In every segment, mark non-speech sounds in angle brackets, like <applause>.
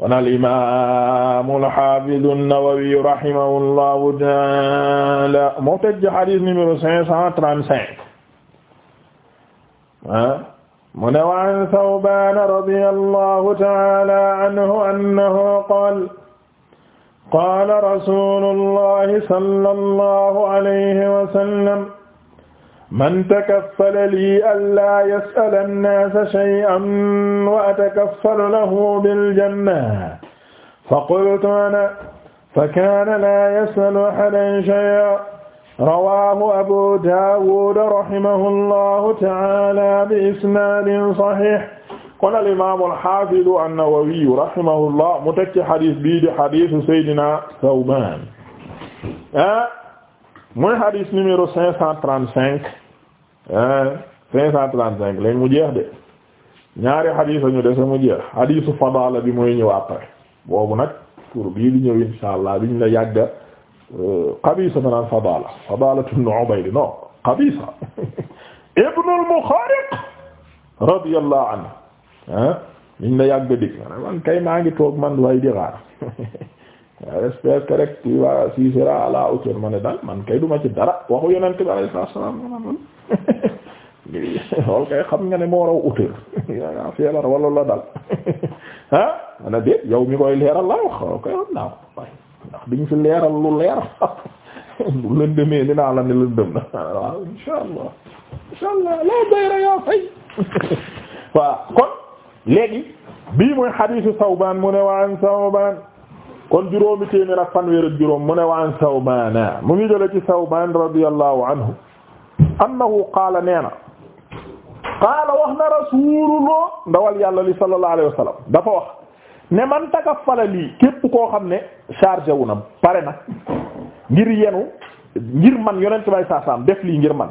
kon al-imaam al-haafiz an-Nawawi rahimahullahu ta'aala moo teg ci hadiis numéro cinq cent trente-cinq ah, mu ne wa an Thawbaan radiyallahu ta'aala anhu annahu qaala qaala rasuulullahi sallallahu alayhi wa sallam man takaffala lii allaa yas'ala an-naasa shay'an wa atakaffalu lahu bil-janna faqultu ana fakaana laa yas'alu ahadan shay'an rawaahu abuu daawuud rahimahullahu ta'aalaa bi-isnaadin sahiih kon al-imaam al-haafiz an-nawawi rahimahullah mu tekki xadis bii di xadisu sayyidinaa Sawbaan mooy hadith numéro cinq cent léegi mu jeex de ñaari hadith ñu dese mu jeex hadithu fadala bi mooy ñëw après boobu nag pour bii di ñëw insha allah biñ la yàgga euh, qabisa fanaan fadala fadala ibn ubayd non qabisa <laughs> ibn al-mukhariq radiyallahu anhu ah biñ la yàgga dig man kay maa ngi toog man way di xaar <laughs> j'espère que rek tu vas si sera à ma ne daal man kay duma ci dara waxu yonent bi alayhi salaam <laughs> nga ne moo raw hauteur yaa <laughs> feebar wala la dal <laughs> ah ma déet yow mi koy leeral la wax koy naa waaye ndax diñ fi leeral lu leer bu lëndëmee dinaa la ne lëndëm na waaw insha allah insha allah laa bayra yaa fay waaw kon léegi bii mooy hadiisu Sawbaan mu ne waan Sawbaan kon juróomi téeméer ak fanweer ak juróom mu ne waan Sawbaana mu ngi jëlee ci Sawbaan radiyallahu anhu annahu qaala nee na qaala wax na rasulullah ndawal yàlla li sallallahu alayhi wa dafa wax ne man takaffala lii képp koo xam ne chargé wu na pare na ngir yenu ngir man yonent bay saasaam def lii ngir man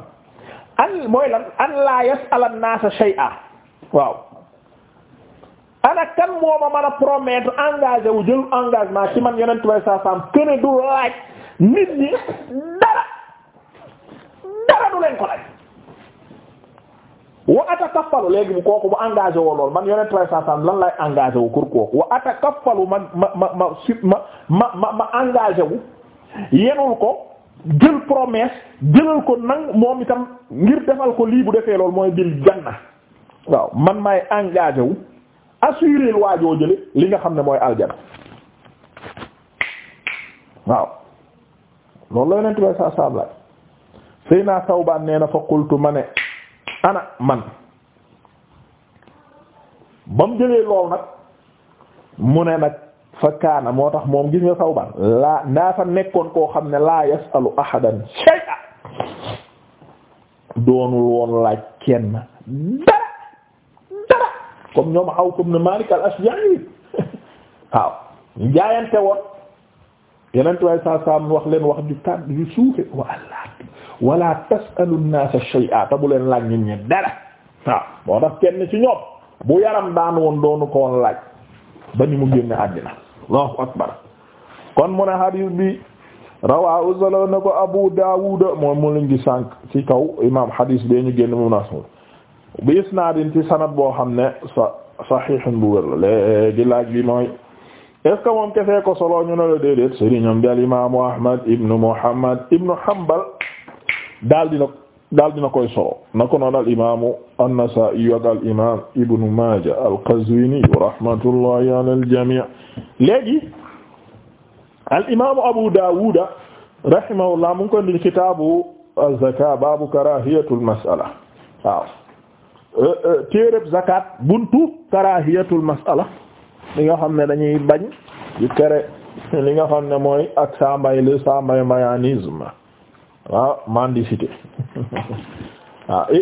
an mooy lan an la yas'al an-naasa waaw ana kan moo ma mën a promettre engagé wu jël engagement ci man yeneen tubaab a saam këne du laaj nit ñi dara dara du leen ko laaj. wa atakaffalu léegi bu kooku bu engagé woo lool man yonent lay saasan lan lay engagé wu pour kooku wa atakaffalu ma ma ma ma ma ma ma wu yenul ko jël promesse jëlal ko nang moom itam ngir defal ko lii bu defee lool mooy bil janna waaw man may engagé assuré waajoo jële li nga xam ne mooy aljana waaw loolu la yonent bay saa saam laaj naa Sawbaan nee na fa qultu ma ne ana man ba mu jëlee lool nag mu ne nag fa kaana moo tax moom gis nga Sawbaan laa ndaa fa nekkoon koo xam ne laa yasalu ahadan shay'a doonul woon laaj kenn comme ñoom aw comme ne Malik al-Ashja'i <laughs> waaw ñu jaayante woon yenent way saa saam wax leen wax ju kat ju suufe wa allah wala tasalu an-nas shay'a ta bu leen laaj ñun ñe dara waaw moo tax kenn ci ñoom bu yaram daan woon doonu ko woon laaj ba ñu mu génne àddina allahu akbar kon mu ne hadith bi rawaa usalo na ko Abu Dawud moom mu lañ gi sànq ci kaw imam hadith bee ñu génn mu nasmul bi isnaadin ci sanad boo xam ne sa saxiixun bu wér la léegi bi mooy est ce que moom ko solo ñu ne la déedéet sëriñam di al imaamu Ahmad ibnu Muhammad ibnu Hanbal daal dina koy solo na ko noon al imaamu an-Nasaa'i ak al imaam ibnu Maaja al-Qazwiini rahmatullahi ala al-jamii' léegi al imaamu Abu Daawuda rahimahullah mu ngi koy indi zakaa baabu karaahiyatul mas'ala waaw. Euh, euh, téeréb zakat buntu karahiyatul masala li nga xam ne dañuy bañ di tere li nga xam ne mooy ak sambay le sambay mayanisme waaw mendicité waaw <laughs> ah, i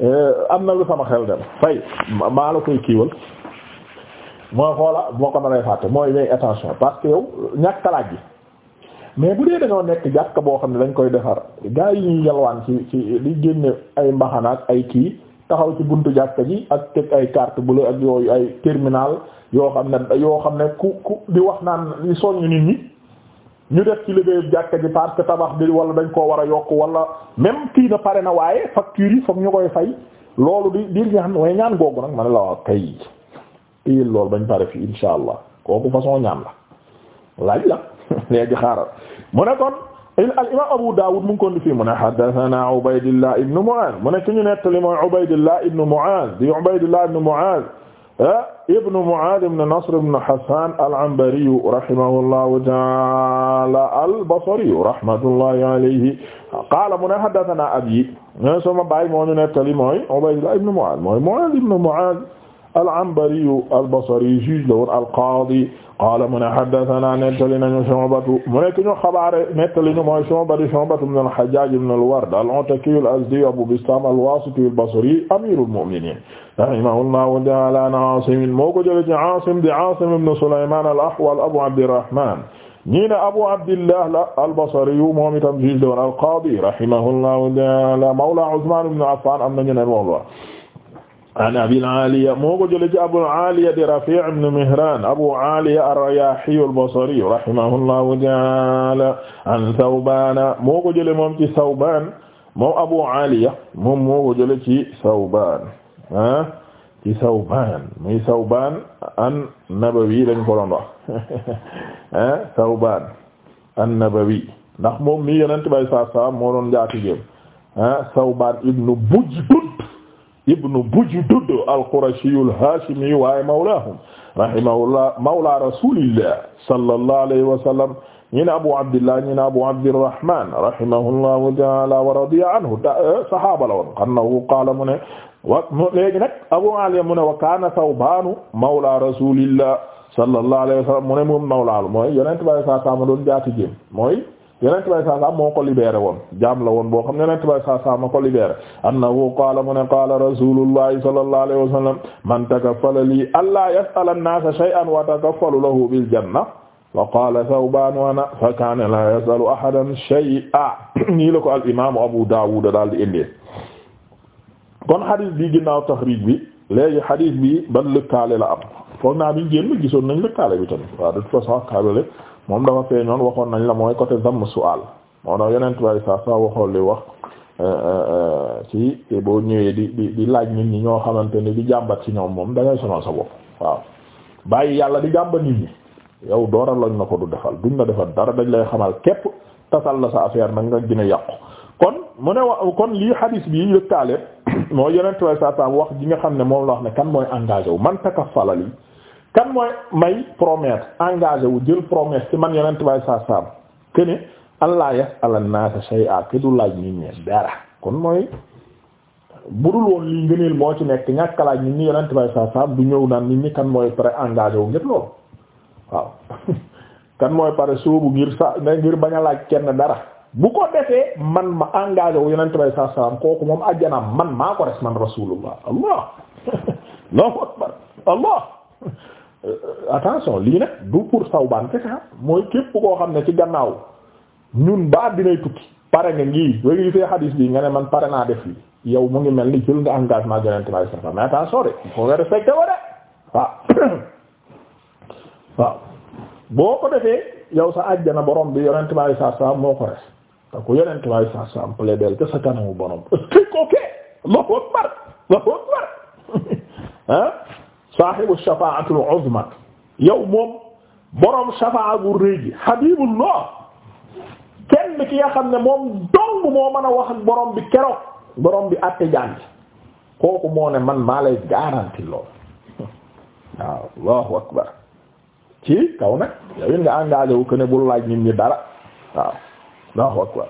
euh, am na lu sama xel dem fay maa la koy kiiwal mooy xoola moo ko ma lay fàtte mooy way attention parce que yow ñàkkalaaj mais bu dee dañoo nekk jàkka boo xam ne dañ koy defar gaa yi ñuy yalwaan ci ci di génne ay mbaxanaak ay kii taxaw ci buntu jàkka ji ak teg ay carte bleue ak yooyu ay terminal yoo xam ne yoo xam ne ku ku di wax naan li soññ nit ñi ñu def ci liggéeyu jàkka ji parce tabax bi wala dañ koo war a yokk wala même kii na pare na waaye factures yi foog ñu koy fay loolu di di ñaan waaye ñaan googu nag ma ne la waa kay téyel loolu bañ pare fii insha allah kooku façon ñaan la laaj la <laughs> léegi xaaral mu ne kon al imam Abu Dawud mu ngi ko fi mu ne haddathana Ubaydillah ibn Mu'adh mu ne ki ñu nettali mooy Ubaydillah ibn Mu'adh di Ubaydillah ibn Mu'adh ibn Mu'adh ibn Nasr ibn Hassan al-Anbari rahimahullahu ta'ala al-Basri rahmatullahi alayhi qaala mu ne haddathana abi sama baay moo ñu nettali mooy Ubaydillah ibn Mu'adh mooy Mu'adh ibn Mu'adh al-Anbariyu al-Basri juge la woon al-qaadi qaala mu ne haddathanaa nettali nañu Shu'batu mu nekk ñu xabaare nettali ñu mooy Shu'batu Shu'batu ibn al-Hajjaaj ibn al-Ward al-Ataki al-Azdi Abu Bistaam al-Waasiti al-Basri amiirul mu'miniin rahimahullahu ta'aala an Aasim moo ko jëlee ci Aasim di Aasim ibn Sulaymaan al-Ahwal Abu Abdirrahmaan ñii ne Abu Abdillah la al-Basri moom itam juge la woon al-qaadi rahimahullahu ta'aala mawlaa Usmaan ibn Affaan am nañu ne an Abil Aliya moo ko jëlee ci Abul Aliya di Rafi' ibn Mihran Abu Aliya ar-Riyahi al-Basri rahimahullahu ta'ala an Thawban moo ko jëlee moom ci Thawban moom Abu Aliya moom moo ko jëlee ci Thawban ah ci Thawban muy Thawban an-Nabawi lañ ko doon wax <laughs> ah Thawban an-Nabawi ndax moom mi Yonent bi sallallahu alayhi wasallam moo doon jaati jéem ah Thawban ibn Bujdud ibnu Bujdud al-Qurashiyu al-Haashimiyu waaye mawlaahum rahimahullah mawla rasulillah sallallahu alayhi wa sallam ñi ne Abu Abdillah ñi ne Abu Abdirrahman rahimahullahu ta'ala wa radiya anhu eh, sahaaba la woon annahu qaala mu ne wa léegi nag Abu Aliya mu ne wa kaana Sawbaanu mawla rasulillah sallallahu alayhi wa sallam mu ne moom mawla mooy yonent bi saa saa ma doon jaati jéem mooy yonent bay saasaam moo ko libéré woon jaam la woon boo xam ne yonent bay saasaam moo ko libéré annahu qaala mu ne qaala rasulullahi sallallahu alayhi wa sallam man takaffala lii allaa yas'ala an-naasa shay'an wa takaffalu lahu bil janna wa qaala Thawbaan wa ana fa kaana laa yas'alu ahadan shay'an <coughs> nii la ko al imaamu Abu Daawuud daal di indee kon xadis bi ginnaaw taxriij bi léegi xadis bi ban lëkkaale la am foog naa bi génn gisoon nañ lëkkaale bi tamit waaw de toute façon moom dafa feeñoon waxoon nañ la mooy côté zamm su'al moo tax yeneen tubaab yi saa saa waxoon wax euh, euh, ci boo ñëwee di laaj nit ñi ñoo xamante ne di jàmbat ci ñoom moom da ngay sonal sa bopp waaw bàyyi yàlla di jàmbat nit ñi yow dooral looñ na ko du defal duñ la defal dara dañ lay xamal képp tasal la sa affaire nag nga gën a yàqu. kon mu ne wa kon lii hadis bi lëkkaale moo yeneen tubaab yi wax ji nga xam ne moom la wax ne kan mooy engagé wu man takafala lii kan mooy may promesse engagé wu jël promesse ci man yonent bay saa saam que allah yas'ala an-nas shay'a ke laaj nit ñi dara kon mooy budul woon lii ngëneel moo ci nekk ñàkk laaj nit ñi yonent bay saa du ñëw naan nit ñi kan mooy pare engagé wu ngir loolu waaw <laughs> mooy pare sóobu ngir sa ngir bañ a laaj kenn dara bu ko defee man ma engagé wu yonent bay saa kooku moom ajjanaam man maa ko res man rasulullah allah <laughs> allahu akbar allah Euh, attention lii nag du pour sawbaan kese ah, mooy képp koo xam ne ci gannaaw ñun ba dinay tukki pare nga ngi wéy ngi fee xadiis bi nga ne man pare naa def lii yow mu ngi mel ni jël nga engagement Yonent bi sax mais attention de il faut nga respecté de waaw <coughs> waaw boo ko defee yow sa àjjana borom bi Yonent bi sax sax moo ko res te Yonent bi sax sax plaidel ca sa kanamu borom. kii <laughs> kooku Allahu akbar Allahu akbar <laughs> ah. saahibu shafaatul uzma yow moom borom shafaa bu rëy gi habibullah kenn ki nga xam ne moom dong moo mën a wax ak borom bi keroog borom bi àtte jàng kooku moo ne man maa lay garanti lool <laughs> waaw allahu akbar ci kaw nag yow it nga engagé wu que ne bul laaj nit ñi dara waaw allahu akbar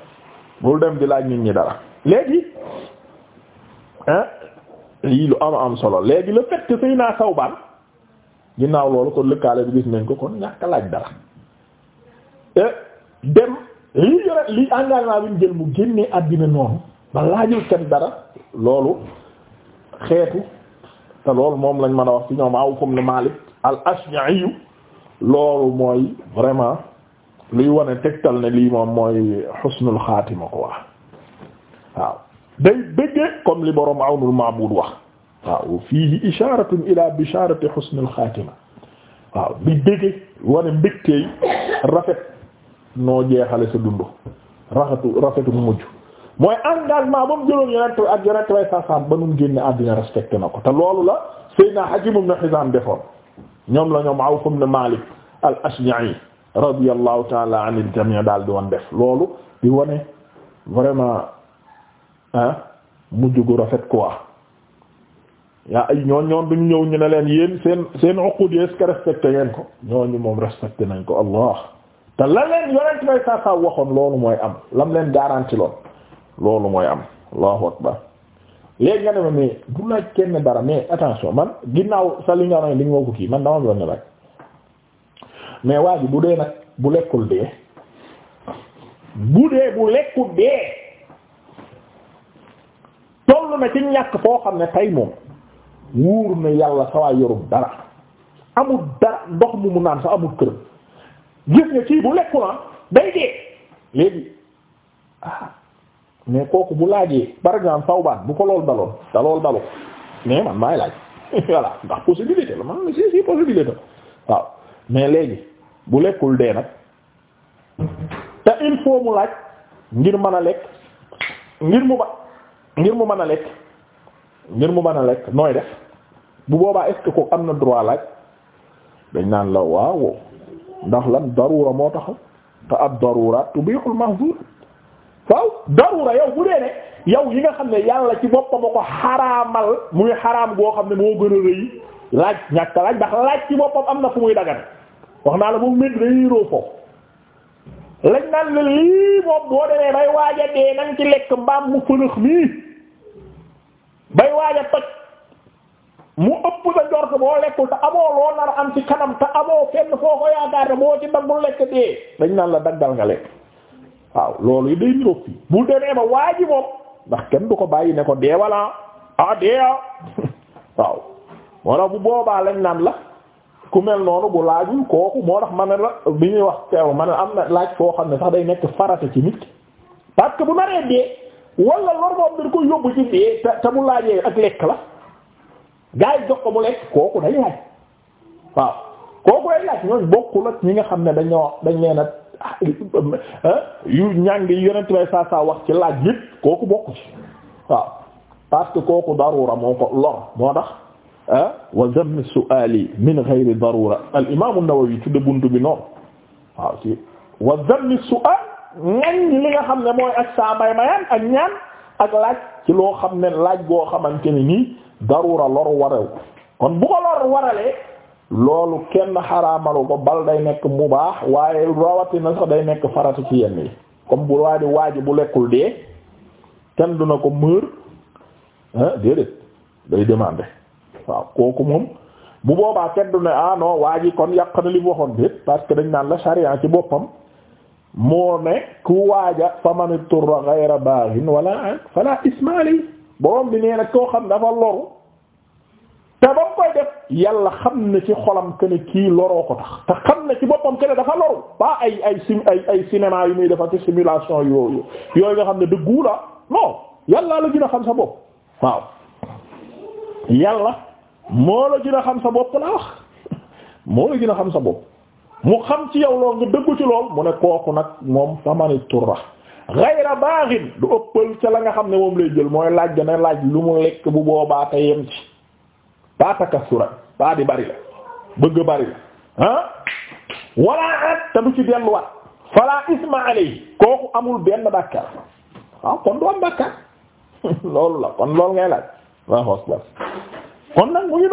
bul dem di laaj nit ñi dara léegi. lii lu am am solo léegi le fait que Seydina Sawbaan ginnaaw loolu kon lëkkaale bi gis nañ ko kon ñàkk laaj dara dem lii yore lii engagement bi mu jël mu génnee àddina noonu ba laajul kenn dara loolu xeetu te loolu moom lañ mën a wax ci ñoom aw comme ne Maalik al Ashja'i loolu mooy vraiment luy wane tegtal ne lii moom mooy xusnul xaatima quoi waaw day bëggee comme li borom awnul maabuud wax waaw fiihi isharatun ila bisharati husnil xaatima waaw di bëggee wane rafet noo jeexale sa dund rafetu rafetu mujj mooy engagement ba mu jëloon yonent ba nu génne àddina na ko te loolu la Seydina Hakim ibn Hizam defoon ñoom la ñoom Awf ibn Malik al-Ashja'i radiyallahu ta'ala anil jami' daal di woon def loolu di wane vraiment ah mujj gu rafet quoi yaa ay ñooñ ñoon duñ ñëw ñu ne leen yéen seen seen uqud yi est-ce que ngeen ko ñooñu moom respecté nañ ko allah te la leen yonent may saa saa waxoon loolu mooy am lam leen garanti loon loolu mooy am allahu ba léegi nga ne ma mais du laaj kenn dara mais attention man ginnaaw sa li nga li nga ko kii man dama doon ne rek waa bu dee nag bu lekkul dee bu dee bu lekkul dee toll na ci ñàkk foo xam ne tey moom wóor na yàlla sa waay dara amul dara ndox mu mu naan sa amul kër gis nga kii bu lekku na ah, day dee léegi ah mais kooku bu laajee par exemple Sawbaan bu ko lool daloon te lool dalu mais man maay laaj <laughs> voilà ndax possibilité la man si si possibilité la waaw mais léegi bu lekkul dee nag te il faut mu laaj ngir mën a lekk ngir mu ba ngir mu mën a lekk ngir mu mën a lekk nooy def bu boobaa est-ce am na droit laaj dañ naan la waaw ndax lan darura moo tax te ab darura tubihul mahzur waaw darura yow bu dee ne yow yi nga xam ne yàlla ci boppam a ko xaraamal muy xaraam goo xam ne moo gën a rëy laaj ñàkk laaj ndax laaj ci boppam am na fu muy dagan wax naa la moom mét dañuy roo foofu lañ naan la lii moom boo demee bay waaja dee nañ ci lekk mbaam mu fënëx mii bay waaja toj mu ëpp sa njort boo lekkul te amoo loo nar am ci kanam te amoo fenn foo ko yaakaar ne boo ci daggul lekk dee dañ naan la daggal nga lekk waaw loolu yi day niroog fii bu demee ba waaji moom ndax kenn du ko bàyyi ne ko dee walla ah. ah dee ah. <laughs> waaw moo tax bu boobaa lañ naan la ku mel noonu bu laajul kooku moo la bi ñuy wax teew man am na laaj koo xam ne sax day nekk farata ci nit parce bu naree dee wala lor moom dañ koy yóbbu ci dee te mu laajee ak lekk la gaa yi jox ko mu lekk kooku day laaj waaw kooku day laaj ñooñ bokkul ak ñi nga xam ne dañoo dañ leen a ah, yu ñàng yi yonent bay saa saa wax ci laaj yit kooku bokku ci waaw parce que kooku darura moo ko lor moo tax ah wa zamm su'ali min ghayri darura al imam nawawi tudde buntu bi noonu waaw ci wa zamm su'al ngañ li nga xam ne mooy ak saa may mayaan ak ñaan ak laaj ci loo xam ne laaj goo xamante ni nii darura lor warew kon bu ko lor waralee loolu kenn xaraamalu ko bal day nekk mu baax waaye rawatina sax day nekk farata ci yenn yi comme bu waa di bu lekkul dee kenn du na ko mër ah, déedéet day demandé waaw kooku moom bu boobaa kenn du ne ah non waa ji kon yàq na li mu waxoon déet parce dañ naan la charia ci boppam moo ne ku waaja faman turra ghayra baghin wala an fala ismaali borom bi nee nag koo xam dafa loru te ba mu koy def yàlla xam na ci xolam que ne kii loroo ko tax te xam na ci boppam que ne dafa loru ba ay ay sim ay ay yu muy defar ci simulation yooyu yooyu nga xam ne dëggu la non yàlla la gën a xam sa bopp waaw yàlla moo la gën a xam sa <laughs> gën a xam sa bopp mu xam ci yow lool nga dëggu ci lool mu ne kooku nag moom famani turra ghayra baghin du ëppal ca la nga xam ne moom lay jël mooy laaj dana laaj lu mu lekk bu boobaa te yem ci baa takasura pas di bari la bëgg bari la ah wala at te du ci delluwaat fala isma alayhi kooku amul benn bàkkaar waaw kon du am bàkkaar <laughs> loolu la kon loolu ngay laaj kon nag mu ngi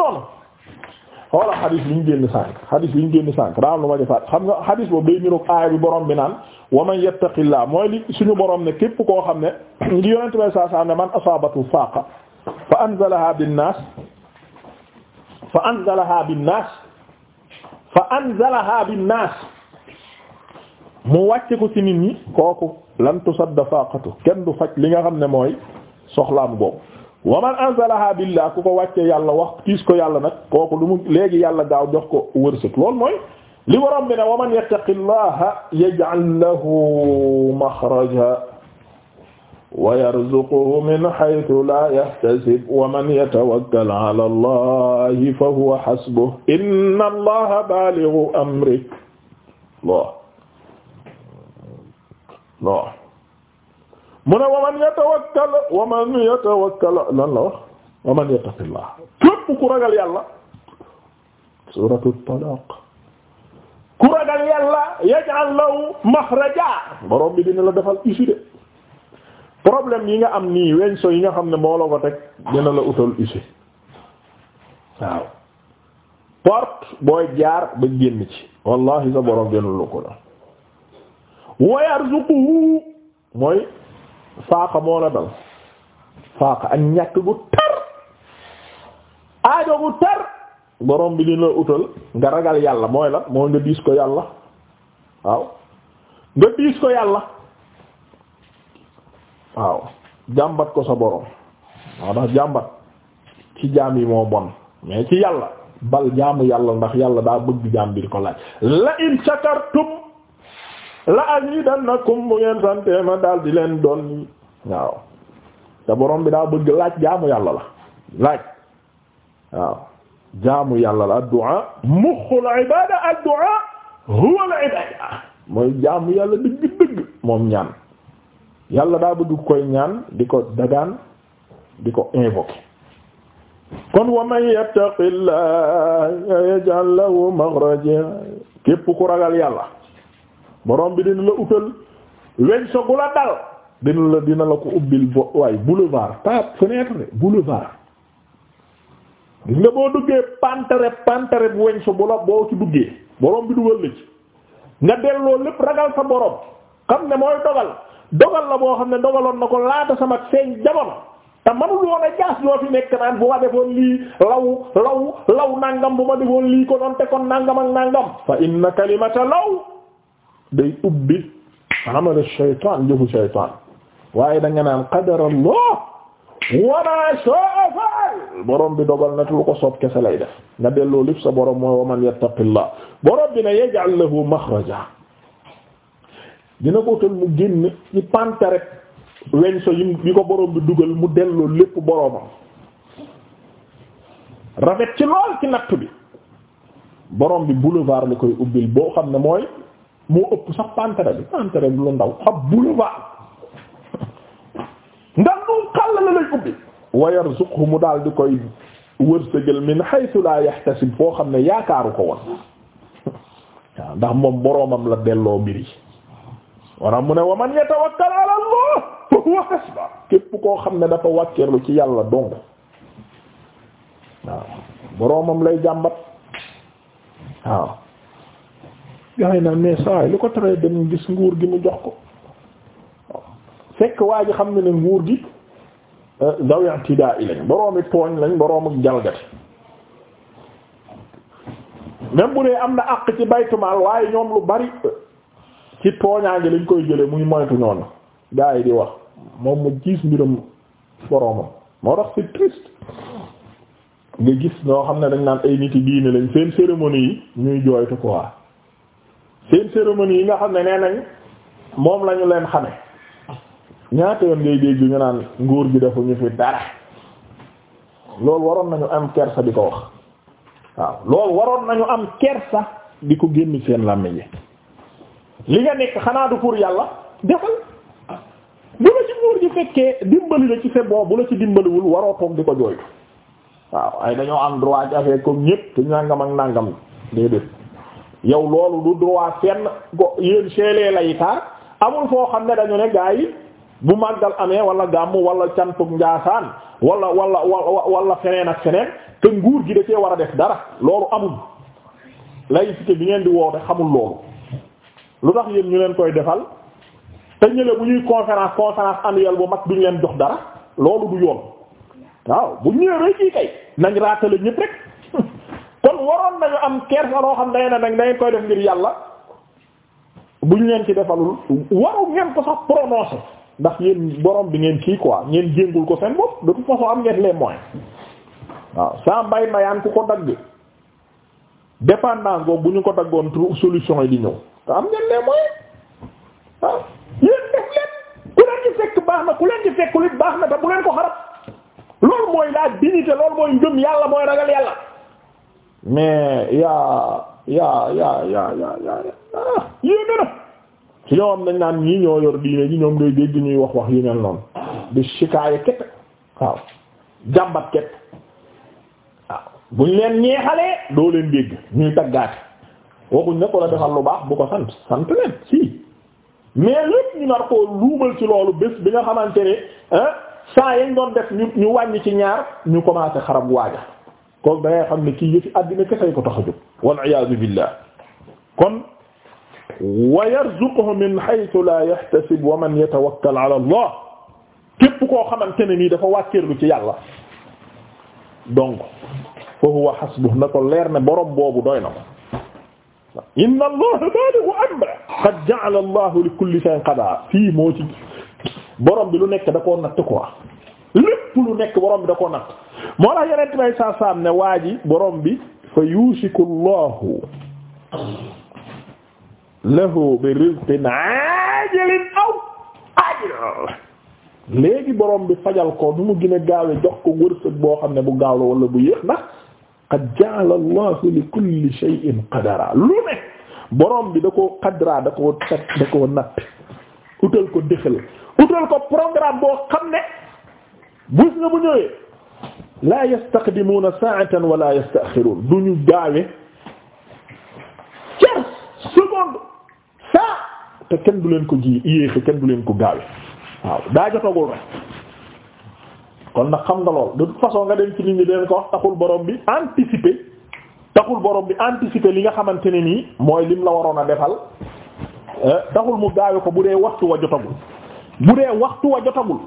xoolal xadis bi ñu génn sànq xadis bi ñu génn sànq daa am lu ma defaat xam nga xadis boobu day niroog aaya bi borom bi naan wa man yattaqillaa mooy li suñu borom ne képp koo xam ne ngi yonente bay saa ne man asaabatu faaqa fa anzalaha binnaas fa anzalaha binnaas fa mu wàcce ko ci nit ñi kooku lan tusadda faaqatu kenn du faj li nga xam ne mooy mu boobu wa man anzalaha billah ku ko wàcce yàlla wax kiis ko yàlla nag kooku lu mu léegi yàlla gaaw jox ko wërsëg loolu mooy li borom bi ne wa man yattaqillaha yaj'al lahu makhraja wa yarzuquhu min haythu la yahtasib wa man yatawakkal ala allahi fa huwa hasbuh inna allaha balighu amrih lo lo mu ne waman yatawakkal waman yatawakkal lan la wax waman yattaqillah képp ku ragal yàlla suratu talaq ku ragal yàlla yaj'al lahu makhraja borom bi dina la defal issue de problème yi nga am nii weñ so yi nga xam ne moo ko teg dina la utal issue waaw porte booy jaar ba génn ci wallahi sa borom dina la ko la wa yarzuquhu mooy faaqa boo la dal faaqa ak ñàkk gu tar aajo gu tar borom bi dina la utal nga ragal yàlla mooy la moo nga diis ko yàlla waaw nga diis ko yàlla waaw jàmbat ko sa borom waaw ndax jàmbat ci jaam yi moo bon mais ci yàlla bal jaamu yàlla ndax yàlla daa bëgg jaam bi di ko laaj la in shakartum la azidannakum bu ngeen sante daal di leen doon waaw te borom bi daa bëgg laaj jaamu yàlla la laaj waaw jaamu yàlla la addu'a muxul ibada addu'a huwa al ibada mooy jaamu yàlla dëgg-dëgg moom ñaan yàlla daa bëgg koy ñaan di ko dagaan di ko invoquer kon wa man yattaqillah yaj'al lahu makhraja képp ku ragal yàlla borom bi dina la utal weñ so gu la dal dina la dina la ko ubbil bo waaye boulevard pas fenêtre boulevard gis boo duggee pantere pantere bu weñ so bu la boo ki duggee borom bi dugal la nga delloo lépp ragal sa borom xam ne mooy dogal dogal la boo xam ne dogaloon na ko laata sama seen jamono te manul woon a jaas loo fi nekk naan bu ma defoon lii law law law nangam bu ma defoon lii ko doon te kon nangam ak nangam fa inna kalimata law day ubbi amal shaytaan jëfu shaytaan waaye da nga naan qadarallah wa ma sha'a fa'al borom bi dogal na te ko soob kese lay def nga delloo lépp sa borom mooy wa man yattaqillah borom bi ne yaj'al lahu makhraja dina ko utal mu génn ci pantaret weñ so yi ko borom bi dugal mu delloo lépp boromam rafet ci lool ci natt bi borom bi boulevard la koy ubbil boo xam ne mooy. moo ëpp sax pantere bi pantere bi lu ndaw xab boulevard ndax noonu xàll la lay ubbi wa yarzuqhu mu daal di koy wërsëgal min haythu la yahtasib foo xam ne yaakaaru ko woon waaw ndax moom boroomam la delloo mbir yi wara mu ne wa man yatawakkal ala Allah képp koo xam ne dafa wàkkeerlu ci yàlla dong waaw boroomam lay jàmbat waaw gaa yi naan mais saa yi lu ko teree dem gis nguur gi mu jox ko fekk waa ji xam ne ne nguur gi eh, daw i'tidaa lañ boroomi tooñ lañ boroom jalgati même bu dee am na àq ci baytumaal waaye ñoom lu bari eh, ci tooñaange lañ koy jële muy moytu ñoonu gaa yi di wax moom mu gis mbiram boroomam moo tax c'est triste nga gis ñoo xam ne dañ naan ay nit yi diine lañ seen cérémonie yi ñuy jooytu quoi seen cérémonie yi nga xam ne nee nañ moom lañu leen xame ñaata yoon ngay dégg ñu naan nguur gi dafa ñu fi dara loolu waroon nañu am kersa di ko wax waaw loolu waroon nañu am kersa di ko génn seen làmmiñ yi li nga nekk xanaa du pour yàlla defal bu la ci nguur gi fekkee dimbali la ci sa bopp bu la ci dimbaliwul waroo toog di ko jooytu waaw ay dañoo am droit ci affaire comme ñépp te nangam ak nangam déedéet yow loolu du droit fenn go yéen seelee lay taar amul foo xam ne dañu ne gaa yi bu màggal amee wala gàmm wala cantuk njaasaan wala wala wala feneen ak feneen te nguur gi da cee war a def dara loolu amul laïcité bi ngeen di woote xamul loolu lu tax yéen ñu leen koy defal te ñële bu ñuy conférence conférence annuelle bu mag duñ leen jox dara loolu du yoon waaw bu ñëwee kii kay nañ raatale ñépp rek kon waroon nañu am kersa loo xam ne nag dangeen koy def ngir yàlla ñu leen ci defalul waru ngeen ko sax prononcer ndax yéen borom bi ngeen kii quoi ngeen jéngul ko seen bopp de toute am ngeen les moyens waaw saa mbay mayaan ku ko dagg dépendance goo bu ñu ko daggoon trou solution yi di ñëw te am ngeen les moyens waaw yéen def leen ku leen ci fekk baax na ku leen ci fekkul it baax na te bu leen ko xarab loolu mooy la dignité loolu mooy ngëm yàlla mooy ragal mais yaa yaa yaa yaa yaa yaa ah yéen su ñoo am dañ naan ñii ñoo yor diine ji ñoom day dégg ñuy wax wax yu mel noonu di shikaaya képp waaw jàmbat képp waaw buñ leen ñeexalee doo leen dégg ñuy taggaate waxuñ ne ko la defal lu baax bu ko sant sant leen si mais lépp ñu nar koo luumal ci loolu bés bi nga xamante ne ah saa yañ doon def ñu ñu wàññi ci ñaar ñu commencé xarab waaja kooku da ngay xam ne kii yëfi àddina kese ko tax a jóg wal iyaazu billah kon wa yarzuquhu min haythu la yahtasib wa man yatawakkal ala allah képp koo xamante ne nii dafa wàkkeerlu ci yàlla donc fa huwa hasbuh na ko leer ne borom boobu doy na ko inna allaha balighu amra qad ja'ala allahu li kulli shay'in qadara fii moo ci borom bi lu nekk da koo natt quoi lépp lu nekk borom bi da ko natt moo tax yonent bay saa saam ne waa ji borom bi fa yusiku llahu lahu bi rizqin ajilin aw ajil léegi borom bi fajal ko nu mu gën a jox ko wërsëg boo xam ne bu gaaw la wala bu yéex ndax qad allahu li kulli shay'in qadara lu ne borom bi da ko qadra da ko teg da ko natt utal ko dëxal utal ko programme boo xam ne bus na bu ñëwee la yastaqdimuuna sa'atan wala yasta'xiruun du ñu gaawe cer seconde saa te kenn du leen ko ji yéexe kenn du leen ko gaawe waaw daa jotagul rek kon nag xam nga lool de toute façon nga dem ci nit ñi deen ko wax taxul borom bi anticiper taxul borom bi anticiper li nga xamante ne nii mooy lim la waroon a defal eh, taxul mu gaawe ko bu dee waxtu wa jotagul bu dee waxtu wa jotagul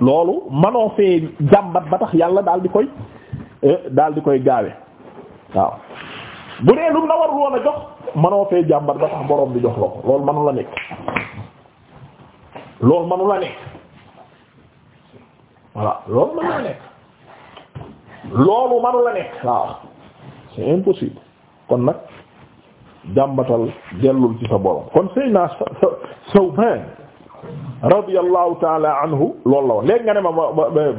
loolu manoo fee jàmbat ba tax yàlla daal di koy eh, daal di koy gaawe waaw bu dee lum na warul a jox manoo fee jàmbat ba tax borom bi jox la ko loolu manu la nekk loolu manu nekk voilà loolu manu nekk loolu manu nekk waaw c'est impossible kon nag jàmbatal dellul ci sa borom kon sëy naa sa sa Sawbaan radiyallahu taala anhu lool la wax léegi nga ne ma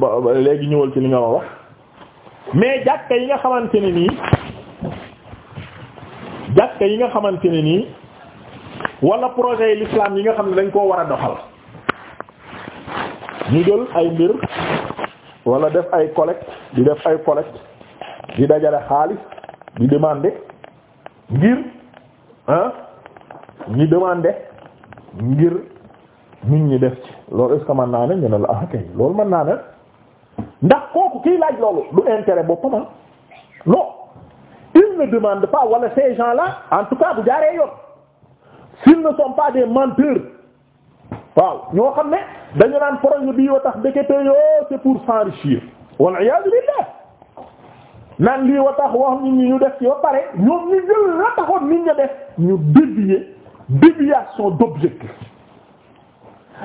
ma léegi ñëwal ci li nga ma wax mais jàkka yi nga xamante ne nii jàkka yi nga xamante ne nii wala projet yi l'islam yi nga xam ne dañ koo war a doxal ñu jël ay mbir wala def ay collecte di def ay collecte di dajale xaalis di demande ngir ah ñi demander ngir nit ñi def ci loolu est-ce que mën naa ne ñu ne la ah loolu mën naa ndax kooku kiy laaj loolu du intérêt boppam ah non il demande pas wala se gens la en tout cas bu jaaree yoon s'ils ne sont pas des menteurs waaw ñoo xam ne dañu naan projet bi yoo tax ndekete yoo c'est pour s'enrichir wal iyaadu billah naan lii wa tax wax nit ñi ñu def ci ba pare ñoom ñu def ñu dévier déviation d'objectif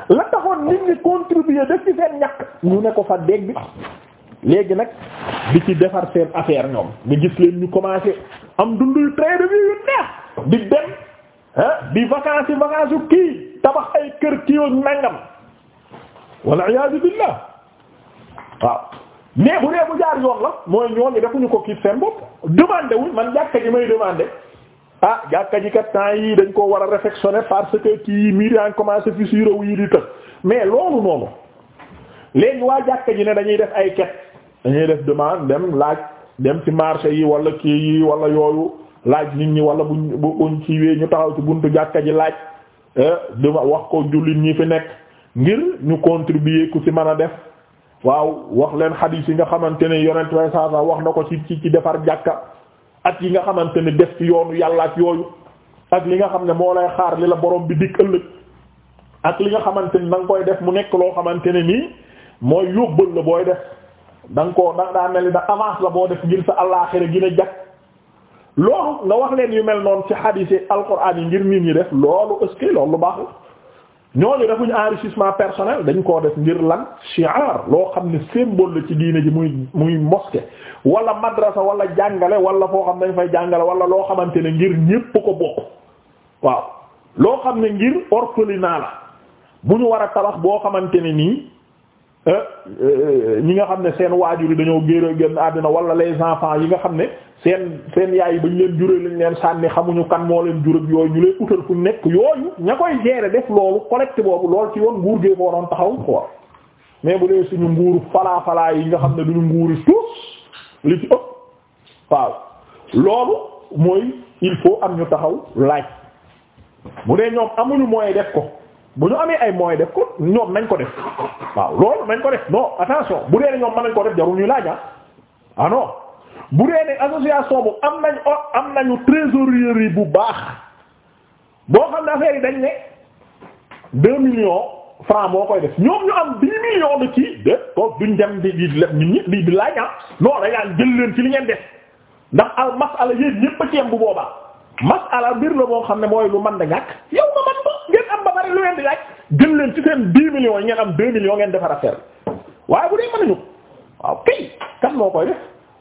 la taxoon nit ñi contribuer def ci seen ñàkk ñu ne ko fa dégg léegi nag di ci defar seen affaire ñoom nga gis leen ñu commencé am dunduy train de vie yu neex di dem ah di vacances yi yu kii tabax ay kër kiiwag nangam walla iyaazu billaah waaw mais bu dee bu jaar yoon la mooy ñooñu defuñu ko kii seen bopp demandé wuñ man jàkka ji may demandé. ah jàkka ji kat temps yi dañ koo war a réfectionner parce que kii miir yaa ngi commencé fissure yi di tëx mais loolu noonu léegi waa jàkka ji ne dañuy def ay ket dañuy def demande dem laaj dem ci marché yi wala kii yi wala yooyu laaj nit ñi wala bu bu ci ñu taxaw ci buntu jàkka ji laaj eh, dama wax ko jullit ñi fi nekk ngir ñu contribuer ku ci mën a def waaw wax leen xadiis yi nga xamante ne yonent way saa wax na ko ci ci ci defar jàkka ak yi nga xamante ne def ci yoonu yàlla ak yooyu ak li nga xam ne moo lay xaar li la boroom bi dikk ëllëg ak li nga xamante ni da nga koy def mu nekk loo xamante ne nii mooy yóbbal la booy def da ko koo daa mel ni da avance la boo def ngir sa àllaaxira gën a jag loolu nga wax leen yu mel noonu ci xadiis yi alxuraan yi ngir nit ñi def loolu est loolu lu baax la ñooñu defuñu enrichissement personnel dañ koo def ngir lan shi'ar loo xam ne symbole la ci diine ji muy muy mosquée wala madrasa wala jàngale wala foo xam dañ fay jàngale wala loo xamante ne ngir ñépp ko bokk waaw loo xam ne ngir orphelinat la bu ñu war a tabax boo xamante ne nii Euh, euh, ñi nga xam ne seen waajur yi dañoo géer a génn àddina wala les enfants yi nga xam ne seen seen yaay yi bañ leen juree lañ leen sànni xamuñu kan moo leen jurab yooyu ñu lay utal fu nekk yooyu ña koy gérer def loolu collecte boobu lool ci yoon nguur gee ko waroon taxaw quoi mais bu dee suñu nguuru falaa falaa yi nga xam ne duñu nguuri tous li ci ëpp waaw loolu mooy il faut am ñu taxaw laaj bu dee ñoom amuñu moyen def ko bu ñu amee ay moyens def ko ñoom nañ ko def waaw loolu nañ ko def non attention bu dee ne ñoom man nañ ko def jarul ñuy laaj ah, ah non bu dee ne association bu am nañ am nañu trésorerie bu baax boo xam ne affaire dañ ne deux millions francs moo koy def ñoom ñu am dix millions de kii de kooku duñ dem di di leb nit di laaj a ah non dañ jël leen ci li ngeen def ndax al masala yéen ñépp a ci yem bu boobaa masala mbir la boo xam ne mooy lu man da ñàkk jël leen ci seen 10 millions yi ngeen am 2 millions ngeen defar waaye bu dee waaw kay moo koy def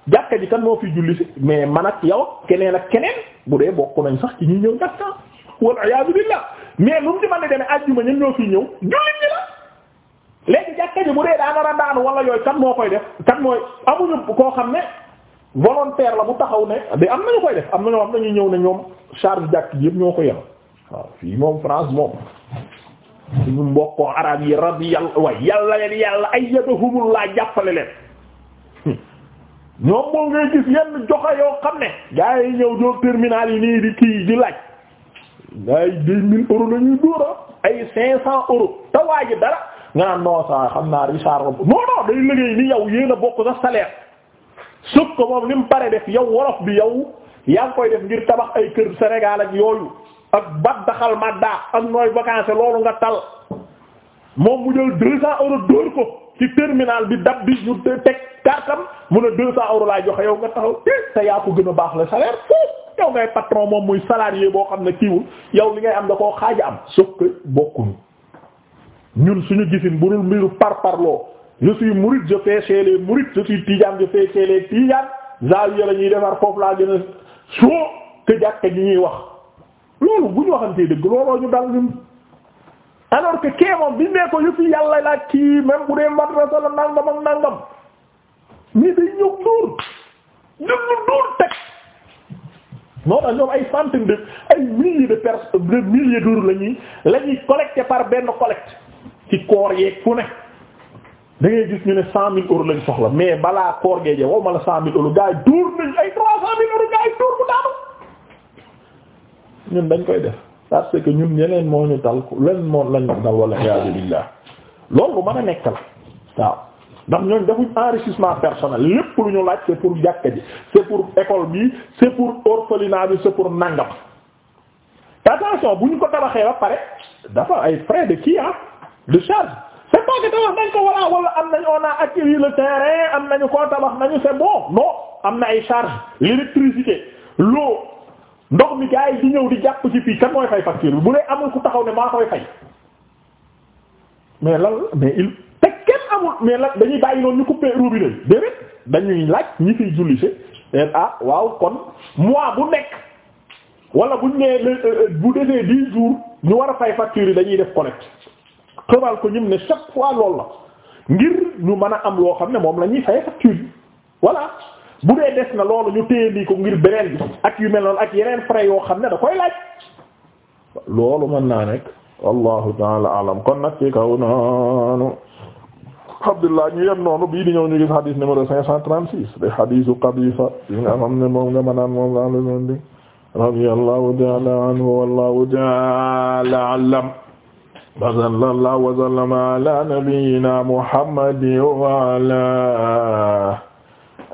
jàkka kan moo fi mais man a yow keneen ak keneen bu dee bokk nañ sax ci ñëw jàkka wal mais lu mu ci mën a demee àjjuma ñun ñoo fiy ñëw jullit ñi ji bu dee daa a daanu wala yooyu kan moo koy def kan mooy amuñu koo xam ne volontaire la bu taxaw ne mais am nañu koy def am na ñoo am nañu ñëw ne ñoom charge jàkk ji yëpp ñoo ko yem waaw fii moom France moom suñu mbokkoo arab yi radiyal way yàlla leen yàlla ayyadahumullah jàppale leen ñoom moom ngay gis yenn joxe yoo xam ne gaa yi ñëw joor terminal yi nii di kii di laaj gaa yi deux mille euros la ay cinq cent euros ji dara nga naan non ça xam naa Richard non non day liggéey ni yow yéen a bokk sa salaire suuf ko moom ni pare def yow wolof bi yow yaa ngi koy def ngir tabax ay kër Sénégal ak yooyu ak bat daxal ma daa ak nooy vacances loolu nga tal moom mu jël deux cents euros ko ci terminal bi dab bi ñu teg kartam mu ne deux cents euros laay joxe yow nga taxaw te yaa ko gën a baax la salaire foofu yow ngay patron moom muy salarié boo xam ne kiiwul yow li ngay am da koo xaaja am sauf que bokkuñu ñun suñu gisin bu dul mbiru par parloo je suis mouride je fais chez les mourides je suis tijaan je fais chez les tijaan zawiya la ñuy defar foofu laa gën a soo te ñuy wax loolu bu ñu waxantee dëgg looloo ñu dal ñun alors que kee moom bi nekkoo ko yëpp yàlla laaj ci même bu dee madrasa la nangam ak nangam ñii day ñëw dóor ñun ñu dóor teg moo tax ñoom ay centaine de ay milliers de personnes de milliers d'euros la ñuy la par benn collecte ci koor yeeg fu ne da gis ñu ne cent mille euros lañ soxla mais balaa koor geejee wow ma la cent mille euros gars yi dóor ay trois cent mille euros gars yi bu daanu ñun dañ koy def parce que ñun yeneen moo ñu dal len moo lañ dal wala iyaazu billah loolu man a nekk la waaw ndax ñooñ defuñ enrichissement personnel lépp lu ñu laaj c'est pour jàkka ji c'est pour école bi c'est pour orphelinat bi c'est pour nangam attention bu ñu ko tabaxee ba pare dafa ay frais de kii ah de charge c'est pas que tabax nañ ko walla wala am nañ on a acquis le terrain am nañu ko tabax nañu c'est bon non am na ay charge l'électricité ndox mi gars yi di ñëw di jàpp ci fii kan mooy fay facture bi bu dee amul ku taxaw ne maa koy fay mais lan mais il te kenn amul mais lan dañuy bàyyi noonu ñu coupé robinet bi déedéet dañuy laaj ñi fiy julli si ah waaw kon mois bu nekk wala buñ nee euh, euh, bu defee dix jours ñu war a fay facture yi dañuy def collecte xëbal ko ñim ne chaque fois loolu la ngir ñu mën a am loo xam ne moom la ñuy fay facture yi voilà bu dee des na loolu ñu téye ko ngir beneen ak yu mel noonu ak yeneen frais yoo xam ne da koy laaj loolu mën naa nekk wallahu taala alam kon nag ci kaw noonu Abdullah ñu yem noonu bii di ñu gis hadith numéro cinq de xam ne moom nga mënaan moom laa la doon di radiyallahu taala anhu wallahu taala alam wa sallallahu wa sallama ala nabiyyina Muhammadin wa